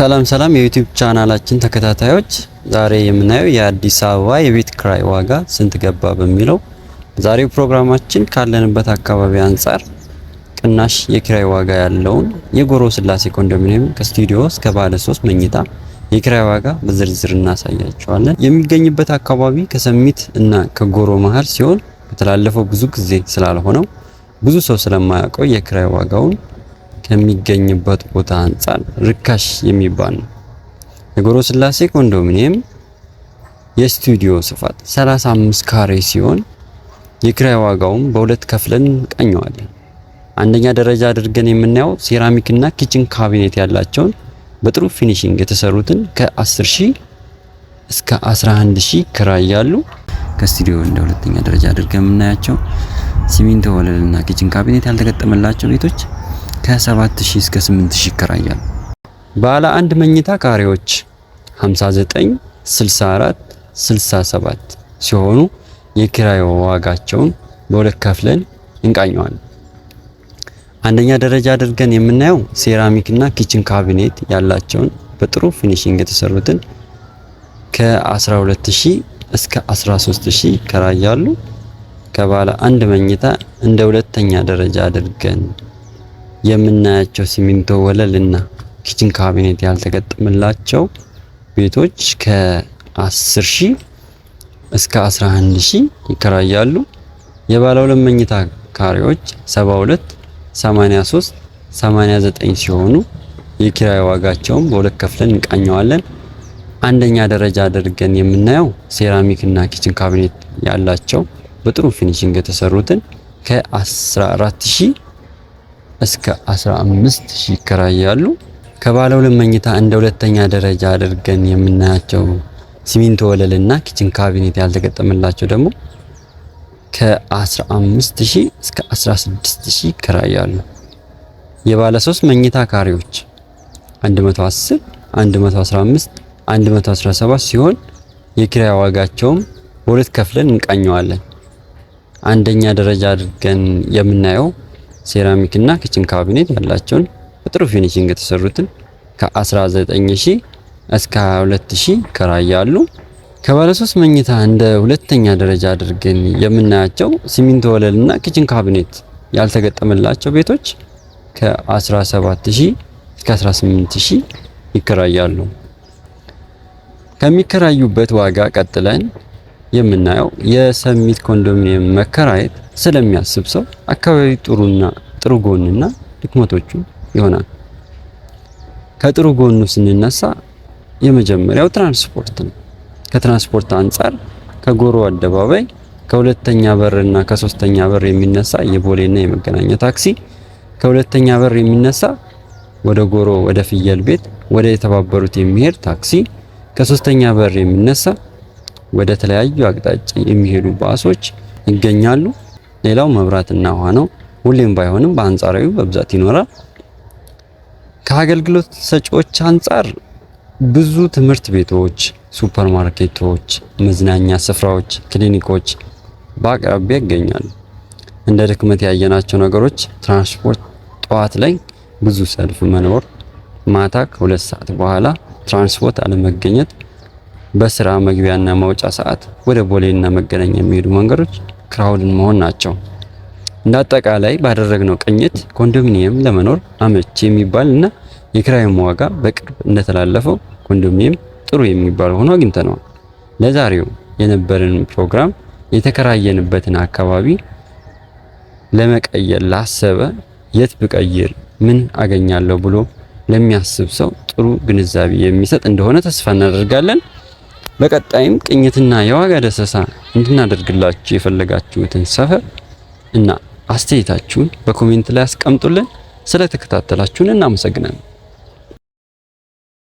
ሰላም ሰላም የዩቲዩብ ቻናላችን ተከታታዮች፣ ዛሬ የምናየው የአዲስ አበባ የቤት ክራይ ዋጋ ስንት ገባ በሚለው ዛሬው ፕሮግራማችን ካለንበት አካባቢ አንጻር ቅናሽ የክራይ ዋጋ ያለውን የጎሮ ስላሴ ኮንዶሚኒየም ከስቱዲዮ እስከ ባለ 3 መኝታ የክራይ ዋጋ በዝርዝር እናሳያቸዋለን። የሚገኝበት አካባቢ ከሰሚት እና ከጎሮ መሀል ሲሆን በተላለፈው ብዙ ጊዜ ስላልሆነው ብዙ ሰው ስለማያውቀው የክራይ ዋጋውን ከሚገኝበት ቦታ አንጻር ርካሽ የሚባል ነው። የጎሮ ስላሴ ኮንዶሚኒየም የስቱዲዮ ስፋት 35 ካሬ ሲሆን የክራይ ዋጋውም በሁለት ከፍለን ቃኘዋለን። አንደኛ ደረጃ አድርገን የምናየው ሴራሚክና ኪችን ካቢኔት ያላቸውን በጥሩ ፊኒሽንግ የተሰሩትን ከ 10000 ሺህ እስከ 11 ሺህ ክራይ ያሉ ከስቱዲዮ እንደ ሁለተኛ ደረጃ አድርገን የምናያቸው ሲሚንቶ ወለልና ኪችን ካቢኔት ያልተገጠመላቸው ቤቶች ከ7000 እስከ 8000 ይከራያል። ባለ አንድ መኝታ ካሬዎች 59፣ 64፣ 67 ሲሆኑ የኪራይ ዋጋቸውን በሁለት ከፍለን እንቃኘዋለን። አንደኛ ደረጃ አድርገን የምናየው ሴራሚክ እና ኪችን ካቢኔት ያላቸውን በጥሩ ፊኒሽንግ የተሰሩትን ከ12000 እስከ 13000 ይከራያሉ። ከባለ አንድ መኝታ እንደ ሁለተኛ ደረጃ አድርገን የምናያቸው ሲሚንቶ ወለልና ኪችን ካቢኔት ያልተገጠመላቸው ቤቶች ከ10 ሺህ እስከ 11 ሺህ ይከራያሉ። የባለ ሁለት መኝታ ካሬዎች 72፣ 83፣ 89 ሲሆኑ የኪራይ ዋጋቸውም በሁለት ከፍለን እንቃኘዋለን። አንደኛ ደረጃ አድርገን የምናየው ሴራሚክ እና ኪችን ካቢኔት ያላቸው በጥሩ ፊኒሽንግ የተሰሩትን ከ14000 እስከ 15 ሺህ ይከራያሉ። ከባለ ሁለት መኝታ እንደ ሁለተኛ ደረጃ አድርገን የምናያቸው ሲሚንቶ ወለልና ኪችን ካቢኔት ያልተገጠመላቸው ደግሞ ከ15 ሺህ እስከ 16 ሺህ ይከራያሉ። የባለ 3 መኝታ ካሬዎች 110፣ 115፣ 117 ሲሆን የኪራይ ዋጋቸውም በሁለት ከፍለን እንቃኘዋለን። አንደኛ ደረጃ አድርገን የምናየው ሴራሚክ እና ኪችን ካቢኔት ያላቸውን በጥሩ ፊኒሽንግ የተሰሩትን ከ19000 እስከ 22000 ይከራያሉ። ከባለ ሶስት መኝታ እንደ ሁለተኛ ደረጃ አድርገን የምናያቸው ሲሚንቶ እና ኪችን ካቢኔት ያልተገጠመላቸው ቤቶች ከ17000 እስከ 18000 ይከራያሉ። ከሚከራዩበት ዋጋ ቀጥለን የምናየው የሰሚት ኮንዶሚኒየም መከራየት ስለሚያስብ ሰው አካባቢ ጥሩና ጥሩ ጎንና ድክመቶቹ ይሆናል። ከጥሩ ጎኑ ስንነሳ የመጀመሪያው ትራንስፖርት ነው። ከትራንስፖርት አንጻር ከጎሮ አደባባይ ከሁለተኛ በር እና ከሶስተኛ በር የሚነሳ የቦሌና የመገናኛ ታክሲ፣ ከሁለተኛ በር የሚነሳ ወደ ጎሮ ወደ ፍየል ቤት ወደ የተባበሩት የሚሄድ ታክሲ፣ ከሶስተኛ በር የሚነሳ ወደ ተለያዩ አቅጣጫ የሚሄዱ ባሶች ይገኛሉ። ሌላው መብራትና ውሃ ነው። ሁሌም ባይሆንም በአንጻራዊ በብዛት ይኖራል። ከአገልግሎት ሰጪዎች አንጻር ብዙ ትምህርት ቤቶች፣ ሱፐርማርኬቶች፣ መዝናኛ ስፍራዎች፣ ክሊኒኮች በአቅራቢያ ይገኛሉ። እንደ ድክመት ያየናቸው ነገሮች ትራንስፖርት ጠዋት ላይ ብዙ ሰልፍ መኖር፣ ማታ ከሁለት ሰዓት በኋላ ትራንስፖርት አለመገኘት፣ በስራ መግቢያና መውጫ ሰዓት ወደ ቦሌና መገናኛ የሚሄዱ መንገዶች ክራውድን መሆን ናቸው። እንደ አጠቃላይ ባደረግነው ቅኝት ኮንዶሚኒየም ለመኖር አመች የሚባል እና የክራይም ዋጋ በቅርብ እንደተላለፈው ኮንዶሚኒየም ጥሩ የሚባል ሆኖ አግኝተነዋል። ለዛሬው የነበረን ፕሮግራም የተከራየንበትን አካባቢ ለመቀየር ላሰበ የት ብቀይር ምን አገኛለሁ ብሎ ለሚያስብ ሰው ጥሩ ግንዛቤ የሚሰጥ እንደሆነ ተስፋ እናደርጋለን። በቀጣይም ቅኝትና የዋጋ ደሰሳ እንድናደርግላችሁ የፈለጋችሁትን ሰፈር እና አስተያየታችሁን በኮሜንት ላይ አስቀምጡልን። ስለተከታተላችሁን እናመሰግናለን።